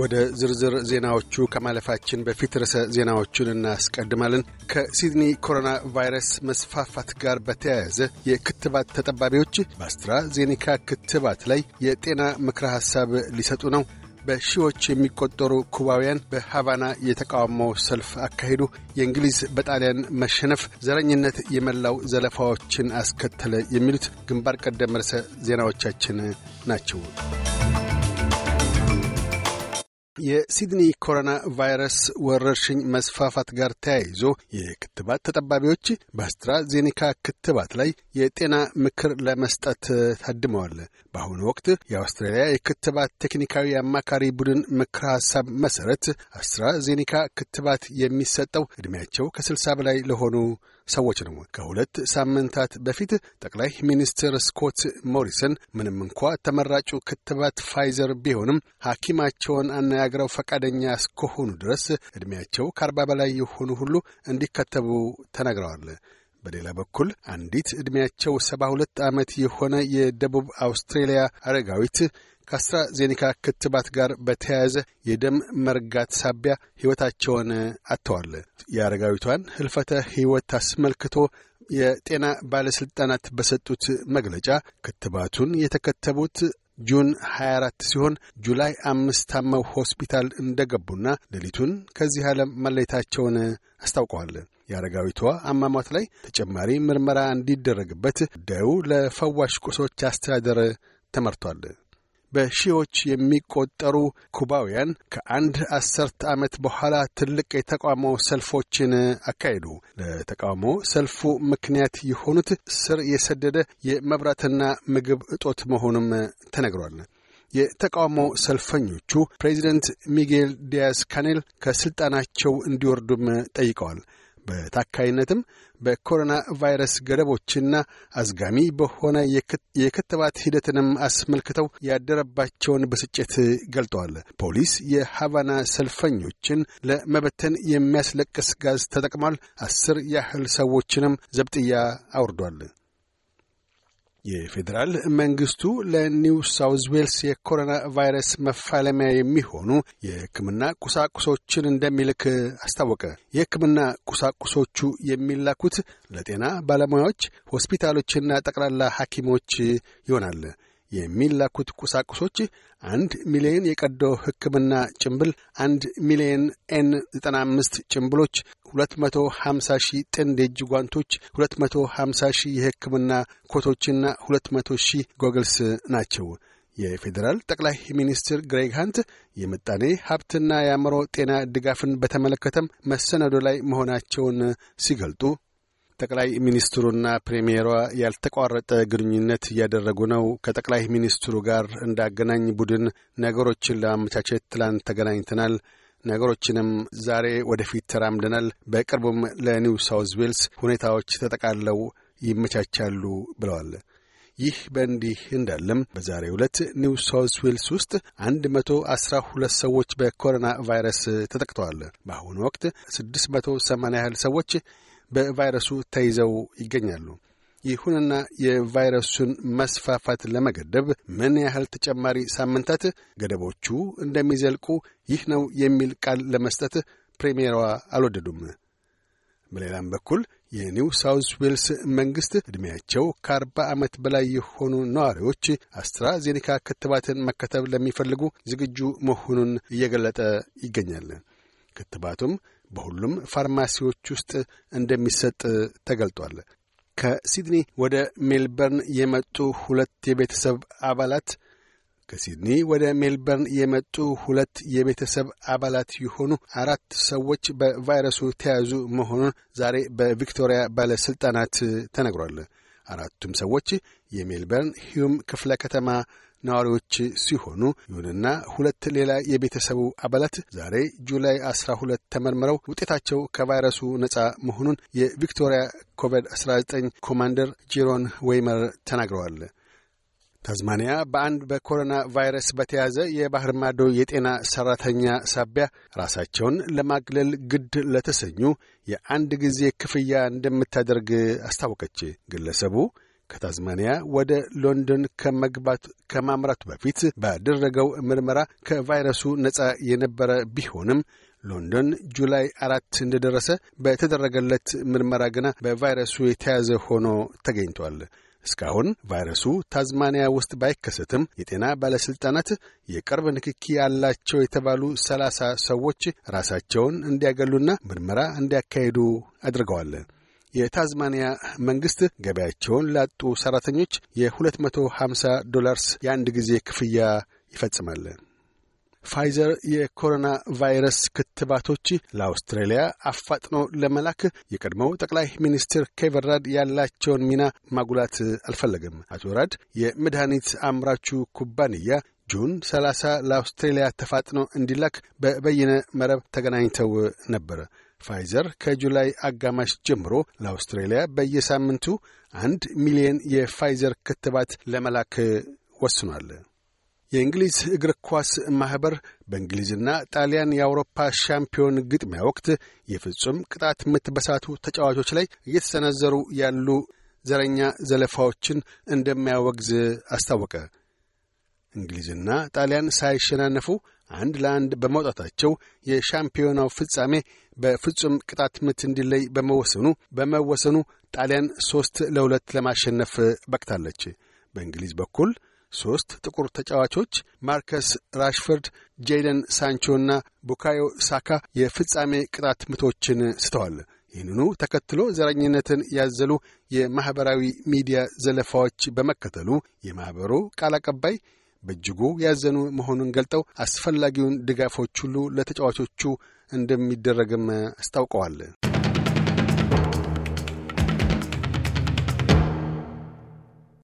ወደ ዝርዝር ዜናዎቹ ከማለፋችን በፊት ርዕሰ ዜናዎቹን እናስቀድማለን። ከሲድኒ ኮሮና ቫይረስ መስፋፋት ጋር በተያያዘ የክትባት ተጠባቢዎች በአስትራ ዜኒካ ክትባት ላይ የጤና ምክረ ሐሳብ ሊሰጡ ነው። በሺዎች የሚቆጠሩ ኩባውያን በሃቫና የተቃውሞ ሰልፍ አካሄዱ። የእንግሊዝ በጣሊያን መሸነፍ ዘረኝነት የመላው ዘለፋዎችን አስከተለ። የሚሉት ግንባር ቀደም ርዕሰ ዜናዎቻችን ናቸው። የሲድኒ ኮሮና ቫይረስ ወረርሽኝ መስፋፋት ጋር ተያይዞ የክትባት ተጠባቢዎች በአስትራዜኔካ ክትባት ላይ የጤና ምክር ለመስጠት ታድመዋል። በአሁኑ ወቅት የአውስትራሊያ የክትባት ቴክኒካዊ አማካሪ ቡድን ምክር ሀሳብ መሠረት አስትራዜኔካ ክትባት የሚሰጠው ዕድሜያቸው ከስልሳ በላይ ለሆኑ ሰዎች ነው። ከሁለት ሳምንታት በፊት ጠቅላይ ሚኒስትር ስኮት ሞሪሰን ምንም እንኳ ተመራጩ ክትባት ፋይዘር ቢሆንም ሐኪማቸውን አነጋግረው ፈቃደኛ እስከሆኑ ድረስ ዕድሜያቸው ከአርባ በላይ የሆኑ ሁሉ እንዲከተቡ ተናግረዋል። በሌላ በኩል አንዲት ዕድሜያቸው ሰባ ሁለት ዓመት የሆነ የደቡብ አውስትሬልያ አረጋዊት ዜኒካ ክትባት ጋር በተያያዘ የደም መርጋት ሳቢያ ሕይወታቸውን አጥተዋል። የአረጋዊቷን ህልፈተ ሕይወት አስመልክቶ የጤና ባለሥልጣናት በሰጡት መግለጫ ክትባቱን የተከተቡት ጁን 24 ሲሆን ጁላይ አምስት ታመው ሆስፒታል እንደገቡና ሌሊቱን ከዚህ ዓለም መለየታቸውን አስታውቀዋል። የአረጋዊቷ አሟሟት ላይ ተጨማሪ ምርመራ እንዲደረግበት ጉዳዩ ለፈዋሽ ቁሶች አስተዳደር ተመርቷል። በሺዎች የሚቆጠሩ ኩባውያን ከአንድ አስርት ዓመት በኋላ ትልቅ የተቃውሞ ሰልፎችን አካሄዱ። ለተቃውሞ ሰልፉ ምክንያት የሆኑት ስር የሰደደ የመብራትና ምግብ እጦት መሆኑም ተነግሯል። የተቃውሞ ሰልፈኞቹ ፕሬዚደንት ሚጌል ዲያስ ካኔል ከሥልጣናቸው እንዲወርዱም ጠይቀዋል። በታካይነትም በኮሮና ቫይረስ ገደቦችና አዝጋሚ በሆነ የክትባት ሂደትንም አስመልክተው ያደረባቸውን ብስጭት ገልጠዋል። ፖሊስ የሀቫና ሰልፈኞችን ለመበተን የሚያስለቅስ ጋዝ ተጠቅሟል። አስር ያህል ሰዎችንም ዘብጥያ አውርዷል። የፌዴራል መንግስቱ ለኒው ሳውዝ ዌልስ የኮሮና ቫይረስ መፋለሚያ የሚሆኑ የሕክምና ቁሳቁሶችን እንደሚልክ አስታወቀ። የሕክምና ቁሳቁሶቹ የሚላኩት ለጤና ባለሙያዎች፣ ሆስፒታሎችና ጠቅላላ ሐኪሞች ይሆናል። የሚላኩት ቁሳቁሶች አንድ ሚሊዮን የቀዶ ሕክምና ጭምብል፣ አንድ ሚሊዮን ኤን 95 ጭምብሎች፣ 250 ሺህ ጥንድ የእጅ ጓንቶች፣ 250 ሺህ የሕክምና ኮቶችና 200 ሺህ ጎግልስ ናቸው። የፌዴራል ጠቅላይ ሚኒስትር ግሬግ ሃንት የምጣኔ ሀብትና የአእምሮ ጤና ድጋፍን በተመለከተም መሰናዶ ላይ መሆናቸውን ሲገልጡ ጠቅላይ ሚኒስትሩና ፕሬምየሯ ያልተቋረጠ ግንኙነት እያደረጉ ነው። ከጠቅላይ ሚኒስትሩ ጋር እንዳገናኝ ቡድን ነገሮችን ለማመቻቸት ትላንት ተገናኝተናል። ነገሮችንም ዛሬ ወደፊት ተራምደናል። በቅርቡም ለኒው ሳውዝ ዌልስ ሁኔታዎች ተጠቃለው ይመቻቻሉ ብለዋል። ይህ በእንዲህ እንዳለም በዛሬ ዕለት ኒው ሳውዝ ዌልስ ውስጥ አንድ መቶ አስራ ሁለት ሰዎች በኮሮና ቫይረስ ተጠቅተዋል። በአሁኑ ወቅት ስድስት መቶ ሰማንያ ያህል ሰዎች በቫይረሱ ተይዘው ይገኛሉ። ይሁንና የቫይረሱን መስፋፋት ለመገደብ ምን ያህል ተጨማሪ ሳምንታት ገደቦቹ እንደሚዘልቁ ይህ ነው የሚል ቃል ለመስጠት ፕሪምየሯ አልወደዱም። በሌላም በኩል የኒው ሳውዝ ዌልስ መንግሥት ዕድሜያቸው ከአርባ ዓመት በላይ የሆኑ ነዋሪዎች አስትራዜኒካ ክትባትን መከተብ ለሚፈልጉ ዝግጁ መሆኑን እየገለጠ ይገኛል። ክትባቱም በሁሉም ፋርማሲዎች ውስጥ እንደሚሰጥ ተገልጧል። ከሲድኒ ወደ ሜልበርን የመጡ ሁለት የቤተሰብ አባላት ከሲድኒ ወደ ሜልበርን የመጡ ሁለት የቤተሰብ አባላት የሆኑ አራት ሰዎች በቫይረሱ ተያዙ መሆኑን ዛሬ በቪክቶሪያ ባለሥልጣናት ተነግሯል። አራቱም ሰዎች የሜልበርን ሂዩም ክፍለ ከተማ ነዋሪዎች ሲሆኑ ይሁንና ሁለት ሌላ የቤተሰቡ አባላት ዛሬ ጁላይ 12 ተመርምረው ውጤታቸው ከቫይረሱ ነጻ መሆኑን የቪክቶሪያ ኮቪድ-19 ኮማንደር ጄሮን ዌይመር ተናግረዋል። ታዝማኒያ በአንድ በኮሮና ቫይረስ በተያዘ የባህር ማዶ የጤና ሰራተኛ ሳቢያ ራሳቸውን ለማግለል ግድ ለተሰኙ የአንድ ጊዜ ክፍያ እንደምታደርግ አስታወቀች። ግለሰቡ ከታዝማኒያ ወደ ሎንዶን ከመግባት ከማምራቱ በፊት ባደረገው ምርመራ ከቫይረሱ ነፃ የነበረ ቢሆንም ሎንዶን ጁላይ አራት እንደደረሰ በተደረገለት ምርመራ ግና በቫይረሱ የተያዘ ሆኖ ተገኝቷል። እስካሁን ቫይረሱ ታዝማኒያ ውስጥ ባይከሰትም የጤና ባለሥልጣናት የቅርብ ንክኪ ያላቸው የተባሉ ሰላሳ ሰዎች ራሳቸውን እንዲያገሉና ምርመራ እንዲያካሂዱ አድርገዋል። የታዝማኒያ መንግስት ገበያቸውን ላጡ ሰራተኞች የ250 ዶላርስ የአንድ ጊዜ ክፍያ ይፈጽማል። ፋይዘር የኮሮና ቫይረስ ክትባቶች ለአውስትራሊያ አፋጥኖ ለመላክ የቀድሞው ጠቅላይ ሚኒስትር ኬቨን ራድ ያላቸውን ሚና ማጉላት አልፈለገም። አቶ ራድ የመድኃኒት አምራቹ ኩባንያ ጁን 30 ለአውስትሬሊያ ተፋጥኖ እንዲላክ በበይነ መረብ ተገናኝተው ነበር። ፋይዘር ከጁላይ አጋማሽ ጀምሮ ለአውስትሬሊያ በየሳምንቱ አንድ ሚሊየን የፋይዘር ክትባት ለመላክ ወስኗል። የእንግሊዝ እግር ኳስ ማኅበር በእንግሊዝና ጣሊያን የአውሮፓ ሻምፒዮን ግጥሚያ ወቅት የፍጹም ቅጣት ምት በሳቱ ተጫዋቾች ላይ እየተሰነዘሩ ያሉ ዘረኛ ዘለፋዎችን እንደሚያወግዝ አስታወቀ። እንግሊዝና ጣሊያን ሳይሸናነፉ አንድ ለአንድ በመውጣታቸው የሻምፒዮናው ፍጻሜ በፍጹም ቅጣት ምት እንዲለይ በመወሰኑ በመወሰኑ ጣሊያን ሦስት ለሁለት ለማሸነፍ በቅታለች። በእንግሊዝ በኩል ሦስት ጥቁር ተጫዋቾች ማርከስ ራሽፈርድ፣ ጄደን ሳንቾና ቡካዮ ሳካ የፍጻሜ ቅጣት ምቶችን ስተዋል። ይህንኑ ተከትሎ ዘረኝነትን ያዘሉ የማኅበራዊ ሚዲያ ዘለፋዎች በመከተሉ የማኅበሩ ቃል አቀባይ በእጅጉ ያዘኑ መሆኑን ገልጠው አስፈላጊውን ድጋፎች ሁሉ ለተጫዋቾቹ እንደሚደረግም አስታውቀዋል።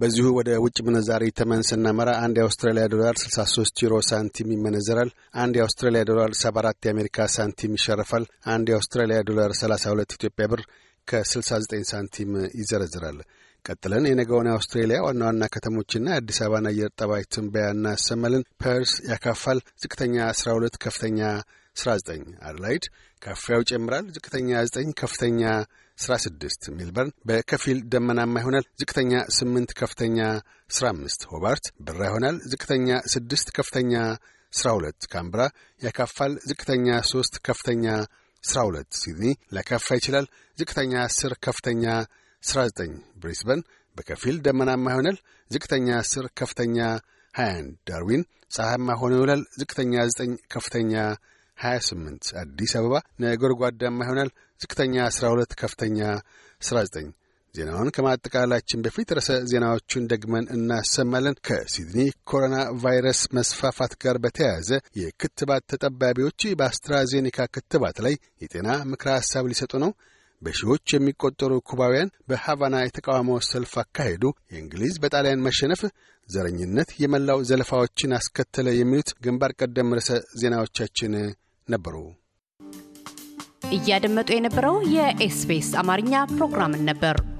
በዚሁ ወደ ውጭ ምንዛሪ ተመን ስናመራ አንድ የአውስትራሊያ ዶላር 63 ዩሮ ሳንቲም ይመነዘራል። አንድ የአውስትራሊያ ዶላር 74 የአሜሪካ ሳንቲም ይሸርፋል አንድ የአውስትራሊያ ዶላር 32 ኢትዮጵያ ብር ከ69 ሳንቲም ይዘረዝራል። ቀጥለን የነገውን የአውስትሬሊያ ዋና ዋና ከተሞችና የአዲስ አበባን አየር ጠባይ ትንበያ እናሰማለን። ፐርስ ያካፋል። ዝቅተኛ 12፣ ከፍተኛ 19። አድላይድ ካፊያው ይጨምራል። ዝቅተኛ 9፣ ከፍተኛ 16። ሜልበርን በከፊል ደመናማ ይሆናል። ዝቅተኛ 8፣ ከፍተኛ 15። ሆባርት ብራ ይሆናል። ዝቅተኛ 6፣ ከፍተኛ 12። ካምብራ ያካፋል። ዝቅተኛ 3፣ ከፍተኛ 12። ሲድኒ ሊያካፋ ይችላል። ዝቅተኛ 10፣ ከፍተኛ 19 ብሪስበን በከፊል ደመናማ ይሆናል። ዝቅተኛ 10 ከፍተኛ 21 ዳርዊን ፀሐያማ ሆኖ ይውላል። ዝቅተኛ 9 ከፍተኛ 28 አዲስ አበባ ነጎድጓዳማ ይሆናል። ዝቅተኛ 12 ከፍተኛ 19 ዜናውን ከማጠቃላችን በፊት ርዕሰ ዜናዎቹን ደግመን እናሰማለን። ከሲድኒ ኮሮና ቫይረስ መስፋፋት ጋር በተያያዘ የክትባት ተጠባቢዎች በአስትራዜኔካ ክትባት ላይ የጤና ምክረ ሐሳብ ሊሰጡ ነው። በሺዎች የሚቆጠሩ ኩባውያን በሐቫና የተቃውሞ ሰልፍ አካሄዱ። የእንግሊዝ በጣሊያን መሸነፍ ዘረኝነት የመላው ዘለፋዎችን አስከተለ የሚሉት ግንባር ቀደም ርዕሰ ዜናዎቻችን ነበሩ። እያደመጡ የነበረው የኤስቢኤስ አማርኛ ፕሮግራምን ነበር።